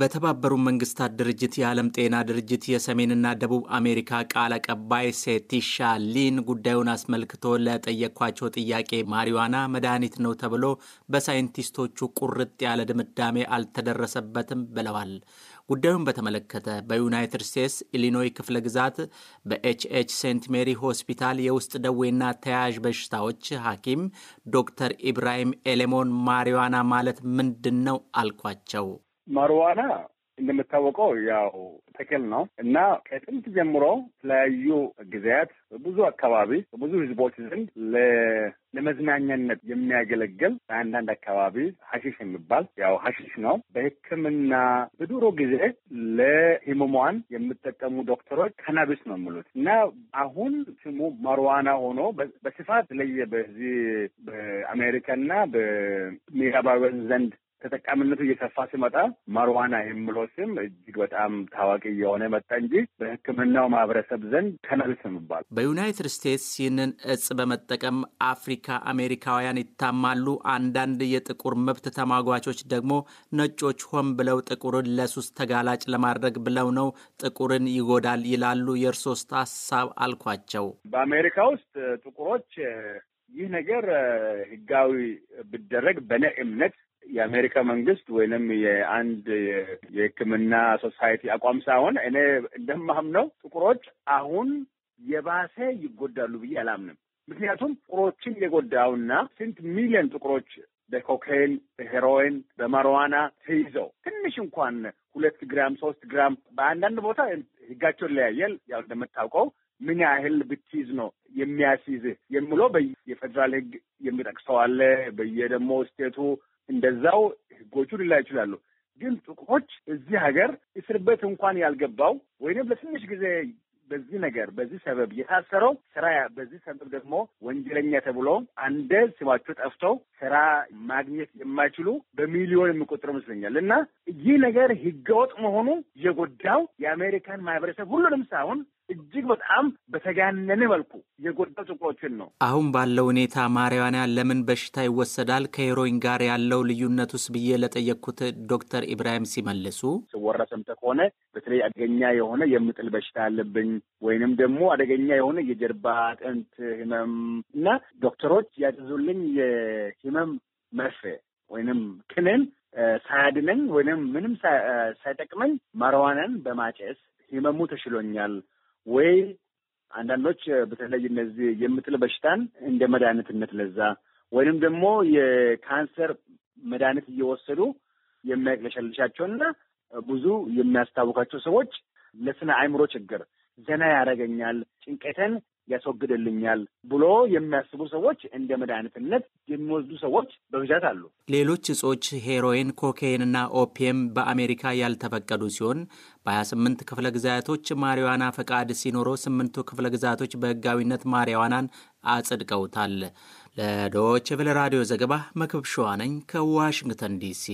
በተባበሩ መንግስታት ድርጅት የዓለም ጤና ድርጅት የሰሜንና ደቡብ አሜሪካ ቃል አቀባይ ሴቲሻ ሊን ጉዳዩን አስመልክቶ ለጠየኳቸው ጥያቄ ማሪዋና መድኃኒት ነው ተብሎ በሳይንቲስቶቹ ቁርጥ ያለ ድምዳሜ አልተደረሰበትም ብለዋል። ጉዳዩን በተመለከተ በዩናይትድ ስቴትስ ኢሊኖይ ክፍለ ግዛት በኤችኤች ሴንት ሜሪ ሆስፒታል የውስጥ ደዌና ተያያዥ በሽታዎች ሐኪም ዶክተር ኢብራሂም ኤሌሞን ማሪዋና ማለት ምንድን ነው አልኳቸው። ማርዋና እንደምታወቀው ያው ተክል ነው እና ከጥንት ጀምሮ የተለያዩ ጊዜያት በብዙ አካባቢ በብዙ ህዝቦች ዘንድ ለመዝናኛነት የሚያገለግል በአንዳንድ አካባቢ ሀሺሽ የሚባል ያው ሀሺሽ ነው። በሕክምና በድሮ ጊዜ ለህሙማን የምጠቀሙ ዶክተሮች ካናቢስ ነው የሚሉት እና አሁን ስሙ ማርዋና ሆኖ በስፋት ለየ በዚህ በአሜሪካና በምዕራባውያን ዘንድ ተጠቃሚነቱ እየሰፋ ሲመጣ ማርዋና የሚለው ስም እጅግ በጣም ታዋቂ የሆነ መጣ እንጂ በሕክምናው ማህበረሰብ ዘንድ ከነብስ ይባል። በዩናይትድ ስቴትስ ይህንን እጽ በመጠቀም አፍሪካ አሜሪካውያን ይታማሉ። አንዳንድ የጥቁር መብት ተሟጓቾች ደግሞ ነጮች ሆን ብለው ጥቁርን ለሱስ ተጋላጭ ለማድረግ ብለው ነው ጥቁርን ይጎዳል ይላሉ። የእርሶስ ሀሳብ አልኳቸው። በአሜሪካ ውስጥ ጥቁሮች ይህ ነገር ህጋዊ ቢደረግ በእኔ እምነት የአሜሪካ መንግስት ወይንም የአንድ የሕክምና ሶሳይቲ አቋም ሳይሆን እኔ እንደማምነው ጥቁሮች አሁን የባሰ ይጎዳሉ ብዬ አላምንም። ምክንያቱም ጥቁሮችን የጎዳውና ስንት ሚሊዮን ጥቁሮች በኮካይን፣ በሄሮይን፣ በማሪዋና ተይዘው ትንሽ እንኳን ሁለት ግራም ሶስት ግራም በአንዳንድ ቦታ ህጋቸው ይለያያል። ያው እንደምታውቀው ምን ያህል ብትይዝ ነው የሚያስይዝህ የምለው በየፌዴራል ህግ የሚጠቅሰው አለ። በየደግሞ ስቴቱ እንደዛው ህጎቹ ሊላ ይችላሉ። ግን ጥቁሮች እዚህ ሀገር እስር ቤት እንኳን ያልገባው ወይም ለትንሽ ጊዜ በዚህ ነገር በዚህ ሰበብ የታሰረው ስራ በዚህ ሰበብ ደግሞ ወንጀለኛ ተብሎ አንደ ስማቸው ጠፍተው ስራ ማግኘት የማይችሉ በሚሊዮን የሚቆጠሩ ይመስለኛል። እና ይህ ነገር ህገወጥ መሆኑ የጎዳው የአሜሪካን ማህበረሰብ ሁሉንም ሳይሆን እጅግ በጣም በተጋነነ መልኩ የጎዳው ጥቁሮችን ነው። አሁን ባለው ሁኔታ ማሪዋናን ለምን በሽታ ይወሰዳል ከሄሮይን ጋር ያለው ልዩነት ውስጥ ብዬ ለጠየቅኩት ዶክተር ኢብራሂም ሲመልሱ ስወራ ሰምተህ ከሆነ በተለይ አደገኛ የሆነ የምጥል በሽታ አለብኝ ወይንም ደግሞ አደገኛ የሆነ የጀርባ አጥንት ህመም እና ዶክተሮች ያዘዙልኝ የህመም መርፌ ወይንም ክንን ሳያድነኝ ወይንም ምንም ሳይጠቅመኝ ማሪዋናን በማጨስ ህመሙ ተሽሎኛል ወይ አንዳንዶች በተለይ እነዚህ የምጥል በሽታን እንደ መድኃኒትነት ለዛ ወይንም ደግሞ የካንሰር መድኃኒት እየወሰዱ የሚያቅለሸልሻቸውና ብዙ የሚያስታውቃቸው ሰዎች ለስነ አእምሮ ችግር ዘና ያደርገኛል፣ ጭንቀትን ያስወግድልኛል ብሎ የሚያስቡ ሰዎች እንደ መድኃኒትነት የሚወስዱ ሰዎች በብዛት አሉ። ሌሎች እጾች ሄሮይን፣ ኮካይን እና ኦፒየም በአሜሪካ ያልተፈቀዱ ሲሆን በ28 ክፍለ ግዛቶች ማሪዋና ፈቃድ ሲኖረው ስምንቱ ክፍለ ግዛቶች በህጋዊነት ማሪዋናን አጽድቀውታል። ለዶይቼ ራዲዮ ዘገባ መክብብ ሸዋ ነኝ ከዋሽንግተን ዲሲ።